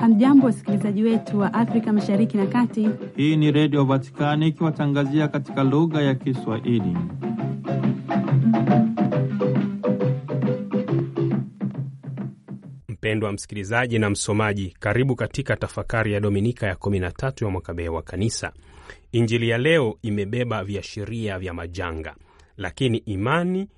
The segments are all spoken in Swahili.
Hamjambo, wasikilizaji wetu wa Afrika mashariki na kati. Hii ni Redio Vatikani ikiwatangazia katika lugha ya Kiswahili. Mpendwa msikilizaji na msomaji, karibu katika tafakari ya Dominika ya 13 ya mwaka wa Kanisa. Injili ya leo imebeba viashiria vya majanga, lakini imani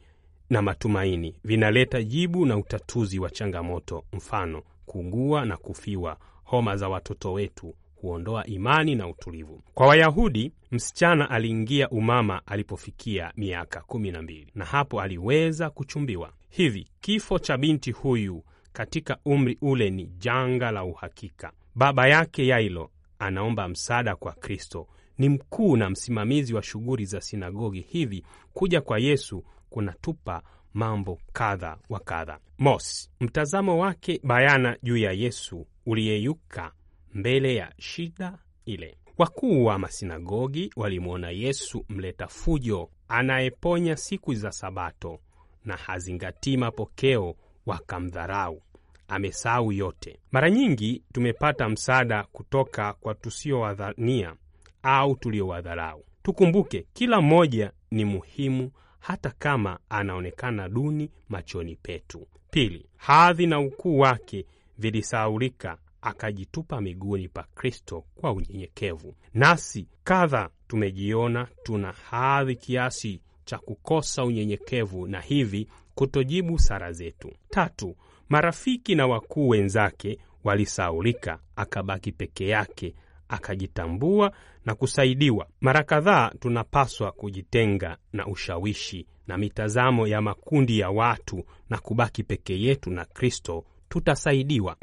na matumaini vinaleta jibu na utatuzi wa changamoto, mfano kuugua na kufiwa, homa za watoto wetu kuondoa imani na utulivu. Kwa Wayahudi, msichana aliingia umama alipofikia miaka kumi na mbili na hapo aliweza kuchumbiwa. Hivi kifo cha binti huyu katika umri ule ni janga la uhakika. Baba yake Yailo anaomba msaada kwa Kristo, ni mkuu na msimamizi wa shughuli za sinagogi. Hivi kuja kwa Yesu kunatupa mambo kadha wa kadha. Mos, mtazamo wake bayana juu ya Yesu uliyeyuka mbele ya shida ile. Wakuu wa masinagogi walimwona Yesu mleta fujo, anayeponya siku za Sabato na hazingatii mapokeo, wakamdharau. Amesahau yote. Mara nyingi tumepata msaada kutoka kwa tusiowadhania au tuliowadharau. Tukumbuke kila mmoja ni muhimu hata kama anaonekana duni machoni petu. Pili, hadhi na ukuu wake vilisaulika akajitupa miguuni pa Kristo kwa unyenyekevu. Nasi kadha tumejiona tuna hadhi kiasi cha kukosa unyenyekevu na hivi kutojibu sala zetu. Tatu, marafiki na wakuu wenzake walisaulika akabaki peke yake akajitambua na kusaidiwa. Mara kadhaa tunapaswa kujitenga na ushawishi na mitazamo ya makundi ya watu na kubaki peke yetu na Kristo, tutasaidiwa.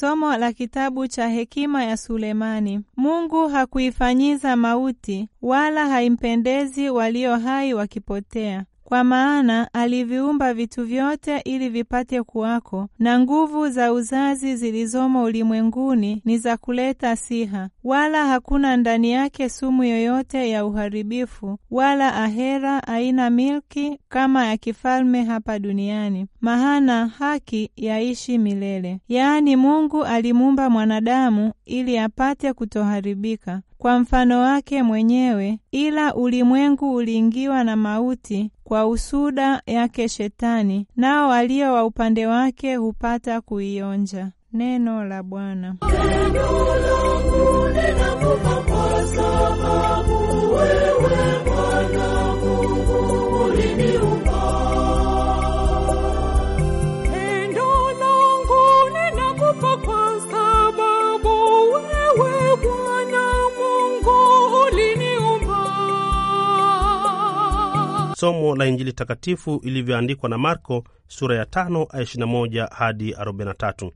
Somo la kitabu cha hekima ya Sulemani. Mungu hakuifanyiza mauti, wala haimpendezi walio hai wakipotea. Kwa maana aliviumba vitu vyote ili vipate kuwako, na nguvu za uzazi zilizomo ulimwenguni ni za kuleta siha, wala hakuna ndani yake sumu yoyote ya uharibifu, wala ahera aina milki kama ya kifalme hapa duniani, mahana haki yaishi milele. Yaani Mungu alimuumba mwanadamu ili apate kutoharibika, kwa mfano wake mwenyewe, ila ulimwengu uliingiwa na mauti kwa usuda yake Shetani, nao walio wa upande wake hupata kuionja. Neno la Bwana. Neno somo la Injili takatifu ilivyoandikwa na Marko sura ya 5 21 hadi 43.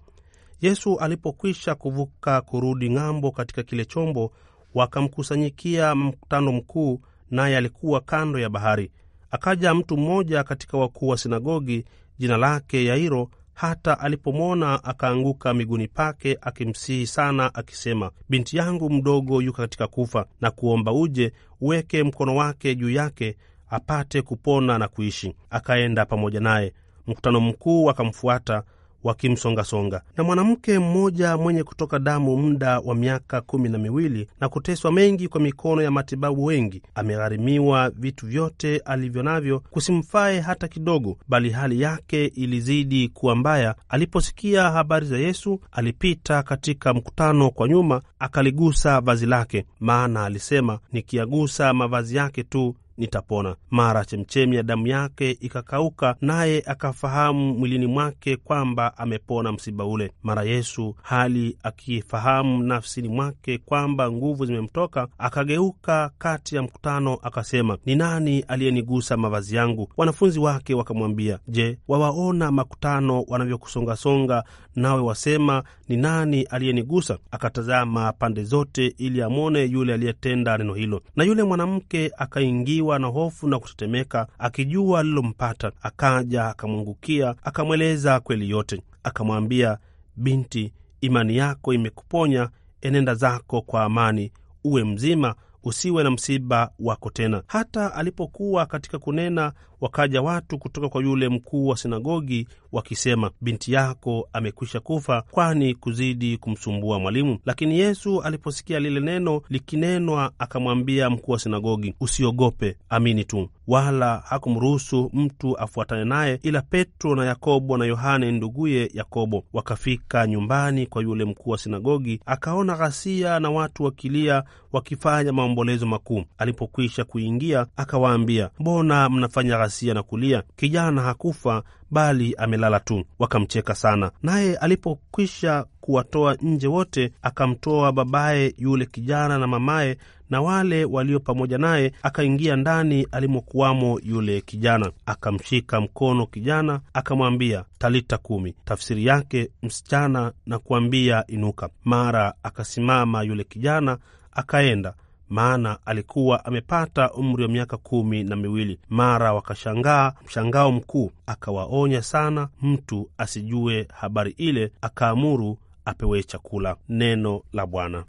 Yesu alipokwisha kuvuka kurudi ng'ambo katika kile chombo, wakamkusanyikia mkutano mkuu, naye alikuwa kando ya bahari. Akaja mtu mmoja katika wakuu wa sinagogi, jina lake Yairo, hata alipomwona akaanguka miguuni pake akimsihi sana akisema, binti yangu mdogo yuko katika kufa, na kuomba uje uweke mkono wake juu yake apate kupona na kuishi. Akaenda pamoja naye, mkutano mkuu akamfuata wakimsongasonga. Na mwanamke mmoja mwenye kutoka damu muda wa miaka kumi na miwili na kuteswa mengi kwa mikono ya matibabu wengi, amegharimiwa vitu vyote alivyo navyo, kusimfae hata kidogo, bali hali yake ilizidi kuwa mbaya. Aliposikia habari za Yesu, alipita katika mkutano kwa nyuma, akaligusa vazi lake, maana alisema, nikiagusa mavazi yake tu nitapona. Mara chemchemi ya damu yake ikakauka, naye akafahamu mwilini mwake kwamba amepona msiba ule. Mara Yesu hali akifahamu nafsini mwake kwamba nguvu zimemtoka, akageuka kati ya mkutano akasema, ni nani aliyenigusa mavazi yangu? Wanafunzi wake wakamwambia, je, wawaona makutano wanavyokusongasonga, nawe wasema ni nani aliyenigusa? Akatazama pande zote ili amwone yule aliyetenda neno hilo. Na yule mwanamke akaingiwa akiwa na hofu na kutetemeka, akijua alilompata. Akaja akamwangukia, akamweleza kweli yote, akamwambia, binti, imani yako imekuponya, enenda zako kwa amani, uwe mzima, usiwe na msiba wako tena. Hata alipokuwa katika kunena wakaja watu kutoka kwa yule mkuu wa sinagogi wakisema, binti yako amekwisha kufa, kwani kuzidi kumsumbua mwalimu? Lakini Yesu aliposikia lile neno likinenwa, akamwambia mkuu wa sinagogi, usiogope, amini tu. Wala hakumruhusu mtu afuatane naye ila Petro na Yakobo na Yohane nduguye Yakobo. Wakafika nyumbani kwa yule mkuu wa sinagogi, akaona ghasia na watu wakilia, wakifanya maombolezo makuu. Alipokwisha kuingia, akawaambia, mbona mnafanya ghasia na kulia, kijana hakufa bali amelala tu. Wakamcheka sana. Naye alipokwisha kuwatoa nje wote, akamtoa babaye yule kijana na mamaye na wale walio pamoja naye, akaingia ndani alimokuwamo yule kijana. Akamshika mkono kijana, akamwambia talita kumi, tafsiri yake msichana, na kuambia inuka. Mara akasimama yule kijana akaenda maana alikuwa amepata umri wa miaka kumi na miwili. Mara wakashangaa mshangao mkuu, akawaonya sana mtu asijue habari ile, akaamuru apewe chakula. Neno la Bwana.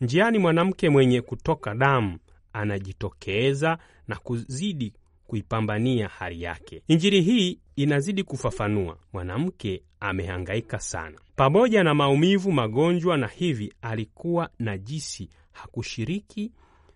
Njiani, mwanamke mwenye kutoka damu anajitokeza na kuzidi kuipambania hali yake. Injili hii inazidi kufafanua, mwanamke amehangaika sana, pamoja na maumivu, magonjwa, na hivi alikuwa najisi, hakushiriki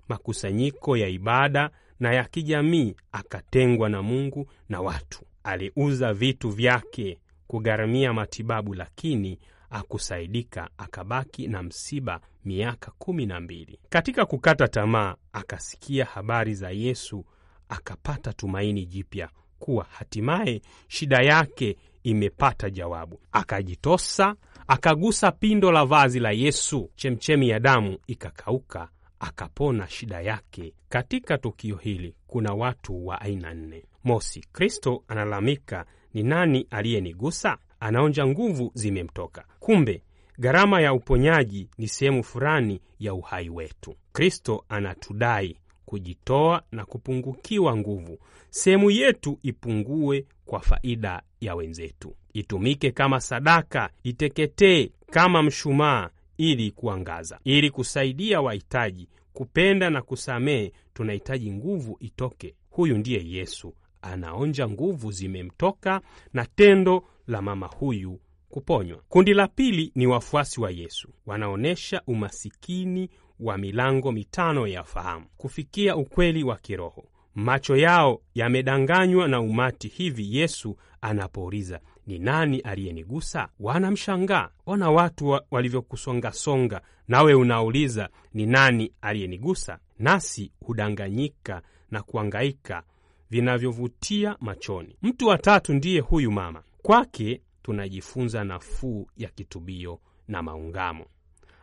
makusanyiko ya ibada na ya kijamii, akatengwa na Mungu na watu. Aliuza vitu vyake kugharamia matibabu, lakini akusaidika akabaki na msiba miaka kumi na mbili. Katika kukata tamaa, akasikia habari za Yesu akapata tumaini jipya kuwa hatimaye shida yake imepata jawabu. Akajitosa, akagusa pindo la vazi la Yesu, chemchemi ya damu ikakauka, akapona shida yake. Katika tukio hili kuna watu wa aina nne. Mosi, Kristo analalamika, ni nani aliyenigusa? anaonja nguvu zimemtoka. Kumbe gharama ya uponyaji ni sehemu fulani ya uhai wetu. Kristo anatudai kujitoa na kupungukiwa nguvu, sehemu yetu ipungue kwa faida ya wenzetu, itumike kama sadaka, iteketee kama mshumaa ili kuangaza, ili kusaidia wahitaji, kupenda na kusamehe. Tunahitaji nguvu itoke. Huyu ndiye Yesu anaonja nguvu zimemtoka na tendo la mama huyu kuponywa. Kundi la pili ni wafuasi wa Yesu wanaonyesha umasikini wa milango mitano ya fahamu kufikia ukweli wa kiroho. Macho yao yamedanganywa na umati, hivi Yesu anapouliza ni nani aliyenigusa, wanamshangaa. Ona watu wa, walivyokusongasonga, nawe unauliza ni nani aliyenigusa? Nasi hudanganyika na kuangaika vinavyovutia machoni. Mtu wa tatu ndiye huyu mama. Kwake tunajifunza nafuu ya kitubio na maungamo.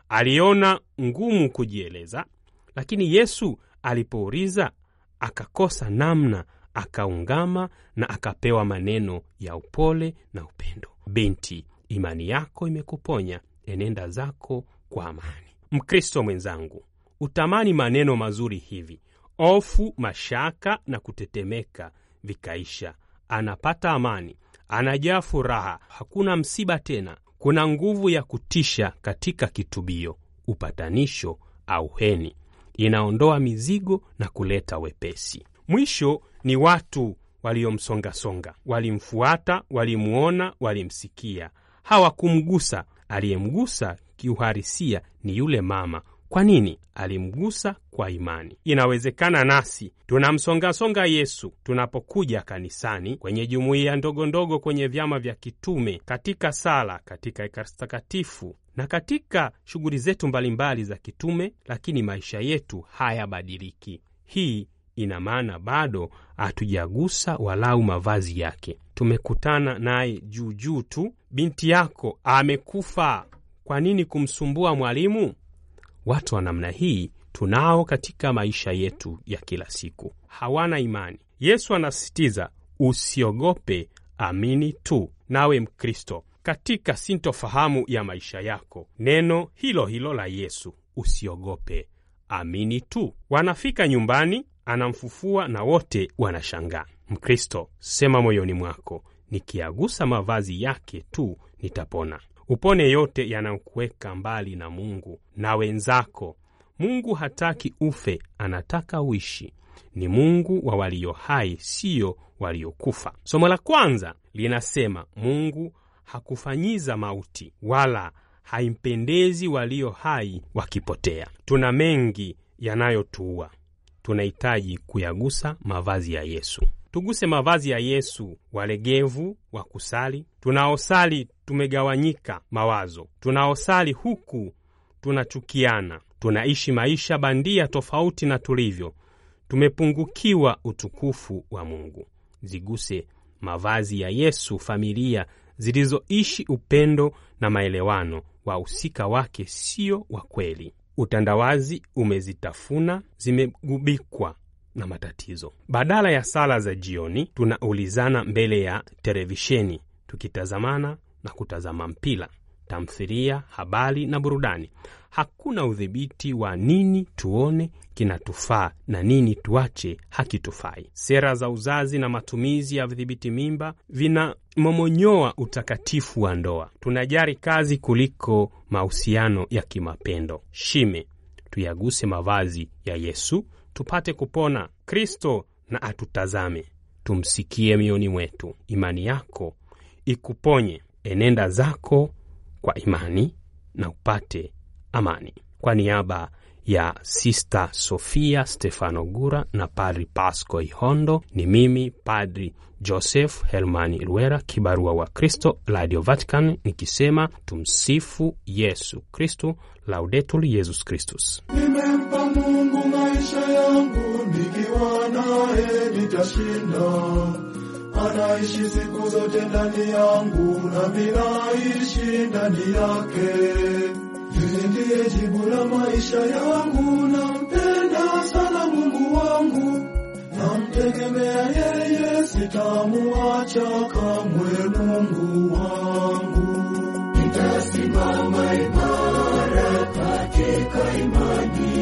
Aliona ngumu kujieleza, lakini Yesu alipouliza akakosa namna, akaungama na akapewa maneno ya upole na upendo: binti, imani yako imekuponya, enenda zako kwa amani. Mkristo mwenzangu, utamani maneno mazuri hivi ofu, mashaka na kutetemeka vikaisha. Anapata amani, anajaa furaha, hakuna msiba tena. Kuna nguvu ya kutisha katika kitubio, upatanisho au heni, inaondoa mizigo na kuleta wepesi. Mwisho ni watu waliomsongasonga, walimfuata, walimuona, walimsikia, hawakumgusa. Aliyemgusa kiuharisia ni yule mama kwa nini? Alimgusa kwa imani. Inawezekana nasi tunamsongasonga Yesu tunapokuja kanisani, kwenye jumuiya ndogo ndogo, kwenye vyama vya kitume, katika sala, katika Ekaristi Takatifu na katika shughuli zetu mbalimbali za kitume, lakini maisha yetu hayabadiliki. Hii ina maana bado hatujagusa walau mavazi yake. Tumekutana naye juujuu tu, binti yako amekufa. Kwa nini kumsumbua mwalimu? Watu wa namna hii tunao katika maisha yetu ya kila siku, hawana imani. Yesu anasisitiza usiogope, amini tu, nawe Mkristo. Katika sintofahamu ya maisha yako, neno hilo hilo la Yesu, usiogope, amini tu. Wanafika nyumbani, anamfufua na wote wanashangaa. Mkristo, sema moyoni mwako, nikiagusa mavazi yake tu nitapona. Upone yote yanayokuweka mbali na Mungu na wenzako. Mungu hataki ufe, anataka uishi. Ni Mungu wa walio hai, siyo waliokufa. Somo la kwanza linasema Mungu hakufanyiza mauti wala haimpendezi walio hai wakipotea. Tuna mengi yanayotuua, tunahitaji kuyagusa mavazi ya Yesu. Tuguse mavazi ya Yesu, walegevu wa kusali, tunaosali tumegawanyika mawazo, tunaosali huku tunachukiana, tunaishi maisha bandia tofauti na tulivyo, tumepungukiwa utukufu wa Mungu. Ziguse mavazi ya Yesu, familia zilizoishi upendo na maelewano, wahusika wake sio wa kweli. Utandawazi umezitafuna, zimegubikwa na matatizo. Badala ya sala za jioni, tunaulizana mbele ya televisheni, tukitazamana na kutazama mpira, tamthilia, habari na burudani. Hakuna udhibiti wa nini tuone kinatufaa na nini tuache hakitufai. Sera za uzazi na matumizi ya vidhibiti mimba vinamomonyoa utakatifu wa ndoa. Tunajari kazi kuliko mahusiano ya kimapendo. Shime tuyaguse mavazi ya Yesu tupate kupona. Kristo na atutazame, tumsikie mioni mwetu. Imani yako ikuponye enenda zako kwa imani na upate amani. Kwa niaba ya Sista Sofia Stefano Gura na Padri Pasco Ihondo, ni mimi Padri Joseph Helmani Ruera, kibarua wa Kristo, Radio Vatican, nikisema tumsifu Yesu Kristu, laudetul Yesus Kristus. Nimempa Mungu maisha yangu, nikiwa naye nitashinda anaishi siku zote ndani yangu, nami naishi ndani yake. Yeye ndiye jibu la maisha yangu, nampenda sana Mungu wangu, namtegemea yeye, sitamuacha kamwe Mungu wangu. Nitasimama imara katika imani